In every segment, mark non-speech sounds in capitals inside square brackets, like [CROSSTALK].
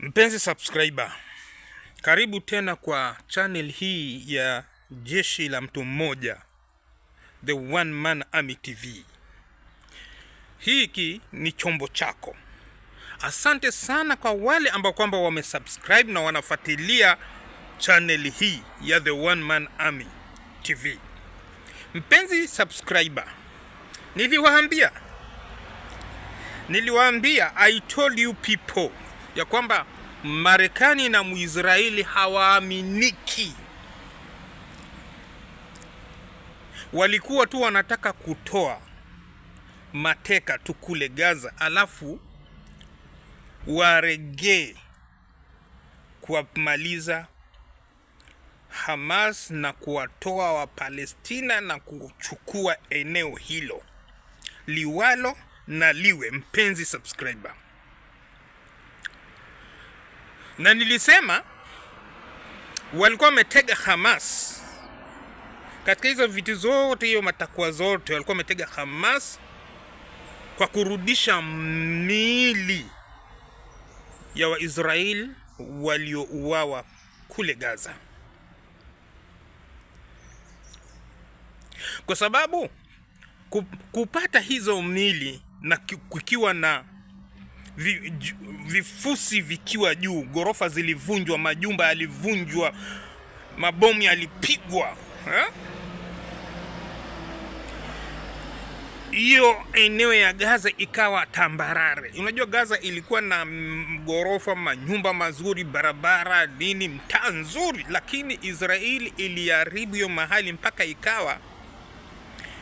Mpenzi subscriber, karibu tena kwa channel hii ya Jeshi la Mtu Mmoja, The One Man Army TV. Hiki ni chombo chako. Asante sana kwa wale ambao kwamba wamesubscribe na wanafuatilia channel hii ya The One Man Army TV. Mpenzi subscriber, niliwaambia niliwaambia, I told you people ya kwamba Marekani na Muisraeli hawaaminiki. Walikuwa tu wanataka kutoa mateka tu kule Gaza, alafu waregee kuwamaliza Hamas na kuwatoa Wapalestina na kuchukua eneo hilo liwalo na liwe. Mpenzi subscriber na nilisema walikuwa wametega Hamas katika hizo vitu zote, hiyo matakwa zote, walikuwa wametega Hamas kwa kurudisha miili ya Waisraeli waliouawa kule Gaza, kwa sababu kupata hizo miili na kukiwa na vifusi vikiwa juu, ghorofa zilivunjwa, majumba yalivunjwa, mabomu yalipigwa. Eh? Hiyo eneo ya Gaza ikawa tambarare. Unajua, Gaza ilikuwa na ghorofa, manyumba mazuri, barabara, nini, mtaa nzuri, lakini Israeli iliharibu hiyo mahali mpaka ikawa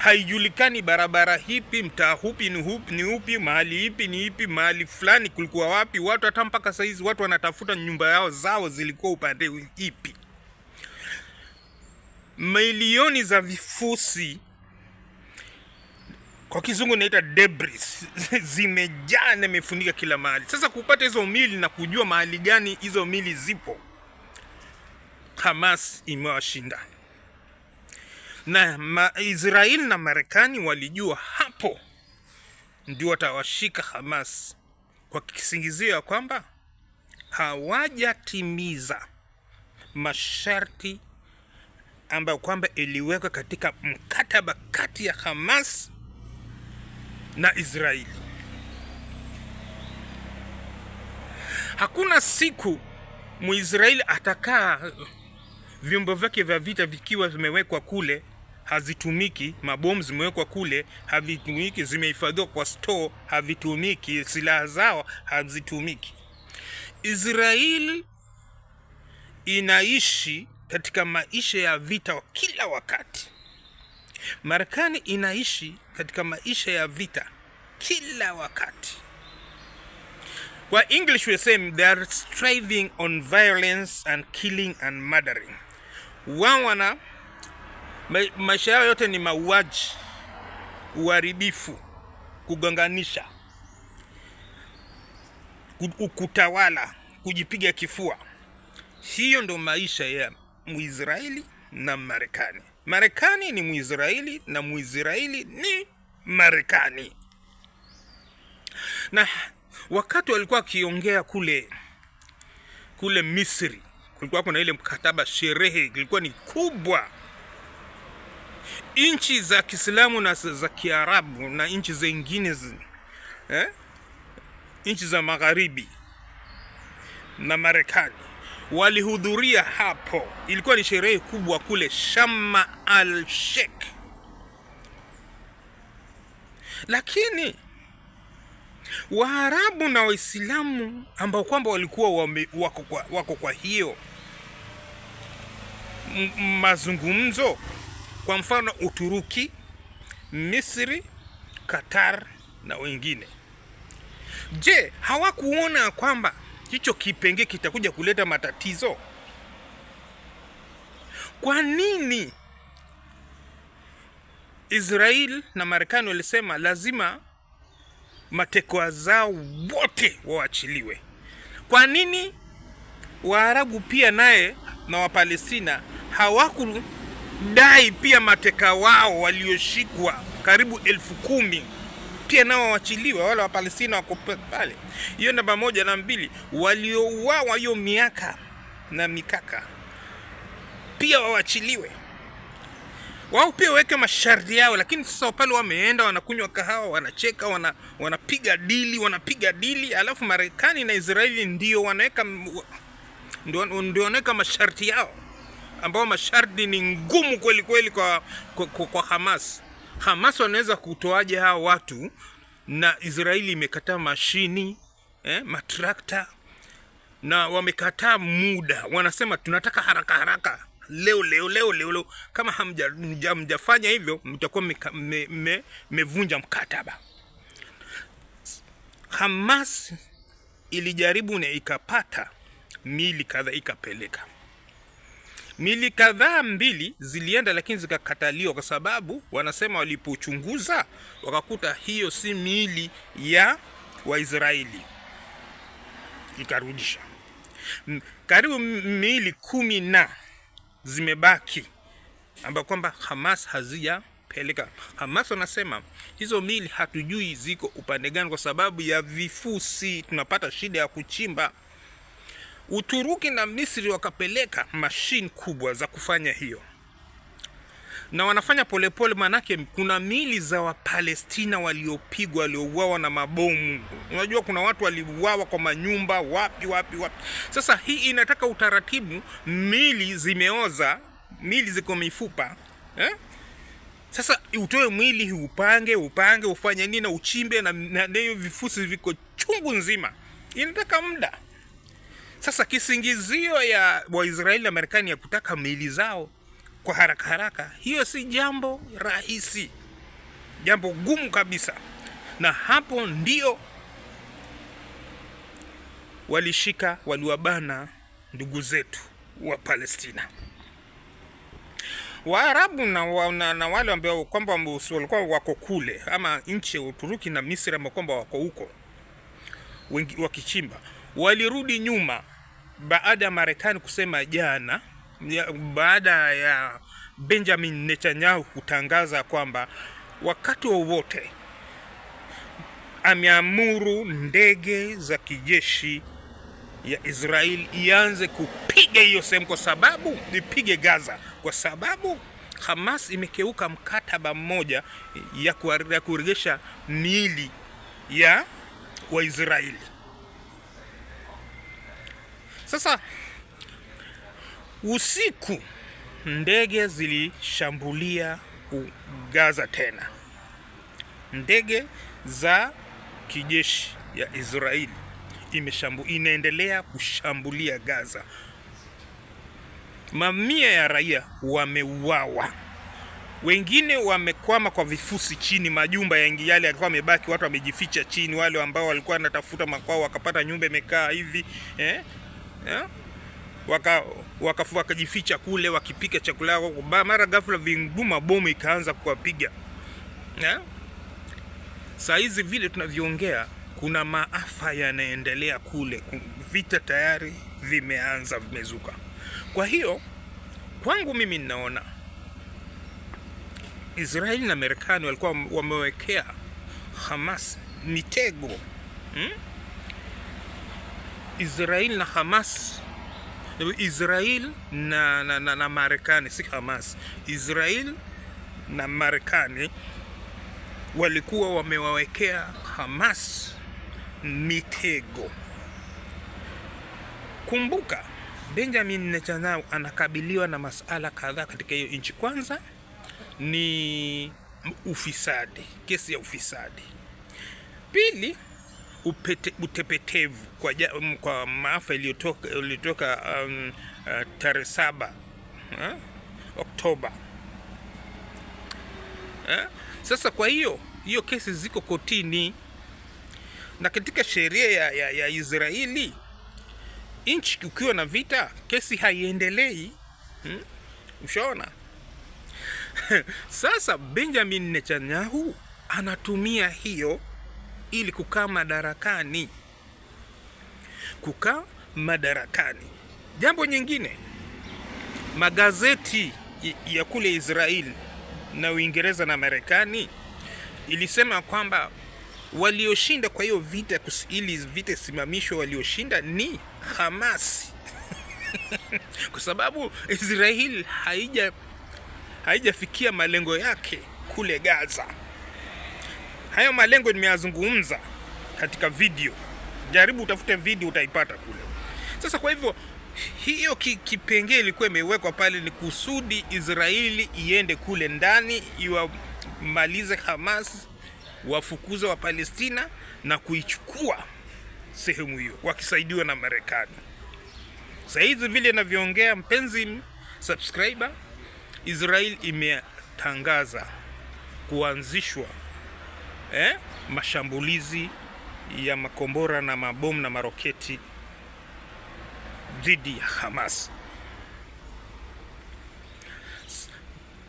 haijulikani barabara hipi, mtaa hupi ni hupi, ni upi, mahali ipi ni ipi, mahali fulani kulikuwa wapi watu. Hata mpaka hizi watu wanatafuta nyumba yao zao zilikuwa upande ipi. Milioni za vifusi, kwa kizungu naita debris, [LAUGHS] zimejaa na imefunika kila mahali. Sasa kupata hizo mili na kujua mahali gani hizo mili zipo, Hamas imewashinda na ma Israeli na Marekani walijua hapo ndio watawashika Hamas kwa kisingizio ya kwamba hawajatimiza masharti ambayo kwamba iliwekwa katika mkataba kati ya Hamas na Israeli. Hakuna siku Muisraeli atakaa vyombo vyake vya vita vikiwa vimewekwa kule hazitumiki, mabomu zimewekwa kule, havitumiki, zimehifadhiwa kwa store, havitumiki, silaha zao hazitumiki. Israeli inaishi katika maisha ya vita wa kila wakati. Marekani inaishi katika maisha ya vita kila wakati. Kwa English we say they are striving on violence and killing and murdering. Wao wana maisha yao yote ni mauaji, uharibifu, kuganganisha, kutawala, kujipiga kifua. Hiyo ndo maisha ya Mwisraeli na Marekani. Marekani ni Mwisraeli na Mwisraeli ni Marekani. Na wakati walikuwa wakiongea kule kule Misri, kulikuwa kuna ile mkataba, sherehe ilikuwa ni kubwa nchi za Kiislamu na za Kiarabu na nchi zingine eh, nchi za Magharibi na Marekani walihudhuria hapo. Ilikuwa ni sherehe kubwa kule Shama al Sheikh, lakini Waarabu na Waislamu ambao kwamba walikuwa wame, wako, kwa, wako kwa hiyo mazungumzo kwa mfano Uturuki, Misri, Qatar na wengine. Je, hawakuona kwamba hicho kipengee kitakuja kuleta matatizo? Kwa nini Israel na Marekani walisema lazima matekwa zao wote waachiliwe? Kwa nini Waarabu pia naye na Wapalestina hawaku dai pia mateka wao walioshikwa karibu elfu kumi pia nao wawachiliwe, wale Wapalestina wako pale. Hiyo namba moja. Na mbili, waliouawa hiyo miaka na mikaka pia wawachiliwe, wao pia waweke masharti yao. Lakini sasa pale wameenda wanakunywa kahawa, wanacheka, wana, wanapiga dili, wanapiga dili, alafu Marekani na Israeli ndio wanaweka ndio wanaweka masharti yao ambao masharti ni ngumu kweli kweli kwa, kwa, kwa, kwa Hamas. Hamas wanaweza kutoaje hawa watu na Israeli imekataa mashini eh, matrakta na wamekataa muda, wanasema tunataka haraka haraka leo leo leo leo leo. Kama hamjafanya mja, mja hivyo mtakuwa mmevunja me, me, mkataba. Hamas ilijaribu na ikapata mili kadhaa ikapeleka Mili kadhaa mbili zilienda lakini zikakataliwa, kwa sababu wanasema walipochunguza wakakuta hiyo si miili ya Waisraeli, ikarudisha. Karibu miili kumi na zimebaki ambayo kwamba Hamas hazijapeleka. Hamas wanasema hizo mili hatujui ziko upande gani, kwa sababu ya vifusi, tunapata shida ya kuchimba. Uturuki na Misri wakapeleka mashine kubwa za kufanya hiyo, na wanafanya polepole, maanake kuna mili za Wapalestina waliopigwa waliouawa na mabomu. Unajua kuna watu waliuawa kwa manyumba, wapi wapi wapi. Sasa hii inataka utaratibu, mili zimeoza, mili ziko mifupa eh? Sasa utoe mwili upange upange ufanye nini na uchimbe na, hiyo vifusi viko chungu nzima, inataka muda. Sasa kisingizio ya Waisraeli na Marekani ya kutaka mili zao kwa haraka haraka, hiyo si jambo rahisi, jambo gumu kabisa, na hapo ndio walishika waliwabana ndugu zetu wa Palestina Waarabu na, wa, na, na wale ambao kwamba walikuwa wako kule ama nchi ya Uturuki na Misri ambao kwamba wako huko wakichimba walirudi nyuma baada ya Marekani kusema jana, baada ya Benjamin Netanyahu kutangaza kwamba wakati wowote ameamuru ndege za kijeshi ya Israeli ianze kupiga hiyo sehemu, kwa sababu ipige Gaza, kwa sababu Hamas imekeuka mkataba mmoja ya kuregesha miili ya Waisraeli. Sasa usiku ndege zilishambulia Gaza tena, ndege za kijeshi ya Israeli imeshambu, inaendelea kushambulia Gaza. Mamia ya raia wameuawa, wengine wamekwama kwa vifusi chini, majumba yangi yale yalikuwa yamebaki, watu wamejificha chini, wale ambao walikuwa wanatafuta makwao wakapata nyumba imekaa hivi eh? eh? waka wakajificha kule wakipika chakula yao, mara ghafla vinguma bomu ikaanza kuwapiga sa eh? Saa hizi vile tunavyoongea kuna maafa yanaendelea kule, vita tayari vimeanza, vimezuka. Kwa hiyo kwangu mimi ninaona Israeli na Marekani walikuwa wamewekea Hamas mitego hmm? Israel na Hamas Israel na, na, na, na Marekani, si Hamas. Israel na Marekani walikuwa wamewawekea Hamas mitego. Kumbuka Benjamin Netanyahu anakabiliwa na masala kadhaa katika hiyo nchi. Kwanza ni ufisadi, kesi ya ufisadi. Pili upete, utepetevu kwa, mm, kwa maafa iliyotoka um, uh, tarehe saba uh, Oktoba uh, Sasa kwa hiyo hiyo kesi ziko kotini na katika sheria ya, ya, ya Israeli nchi ukiwa na vita kesi haiendelei hmm? Ushaona? [LAUGHS] Sasa Benjamin Netanyahu anatumia hiyo ili kukaa madarakani, kukaa madarakani. Jambo nyingine, magazeti ya kule israel na Uingereza na Marekani ilisema kwamba walioshinda kwa hiyo vita, ili vita simamishwe, walioshinda ni Hamas [LAUGHS] kwa sababu israel haija haijafikia malengo yake kule Gaza hayo malengo nimeyazungumza katika video, jaribu utafute video utaipata kule. Sasa kwa hivyo hiyo kipengee ilikuwa imewekwa pale ni kusudi Israeli iende kule ndani iwamalize Hamas, wafukuze wa Palestina na kuichukua sehemu hiyo wakisaidiwa na Marekani. Sasa hizi vile navyoongea, mpenzi subscriber, israeli imetangaza kuanzishwa eh, mashambulizi ya makombora na mabomu na maroketi dhidi ya Hamas.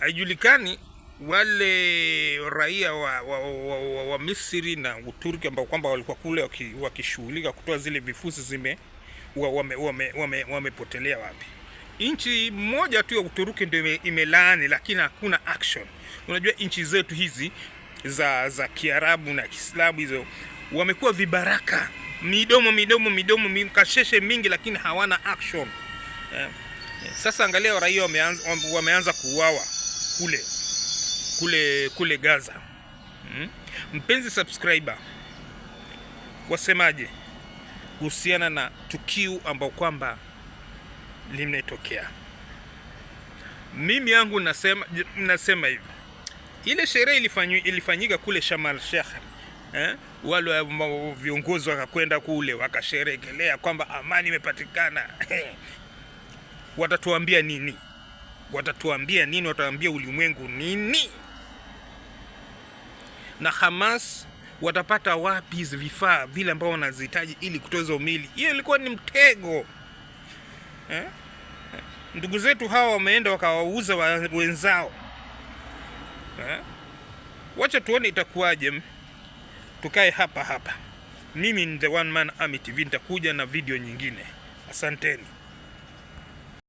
Haijulikani wale raia wa, wa, wa, wa, wa Misri na Uturki ambao kwamba walikuwa kule wakishughulika kutoa zile vifusi zime wamepotelea wame, wame, wame wapi? Nchi moja tu ya Uturuki ndio imelaani, lakini hakuna action. Unajua nchi zetu hizi za, za Kiarabu na Kiislamu hizo wamekuwa vibaraka, midomo midomo midomo mikasheshe mingi, lakini hawana action eh. eh sasa angalia raia wameanza, wameanza kuuawa kule kule kule Gaza hmm. Mpenzi subscriber, wasemaje kuhusiana na tukio ambao kwamba limetokea? Mimi yangu nasema, nasema hivi ile sherehe ilifanyika kule Shamal Sheikh eh? Wale viongozi wakakwenda kule wakasherekelea kwamba amani imepatikana. [LAUGHS] Watatuambia nini? Watatuambia nini? watawambia ulimwengu nini? Na Hamas watapata wapi hizi vifaa vile ambao wanazihitaji ili kutoza umili? Hiyo ilikuwa ni mtego eh? Ndugu zetu hawa wameenda wakawauza wenzao eh? Wacha tuone itakuwaje, tukae hapa hapa. Mimi ni the one man army TV, nitakuja na video nyingine. Asanteni.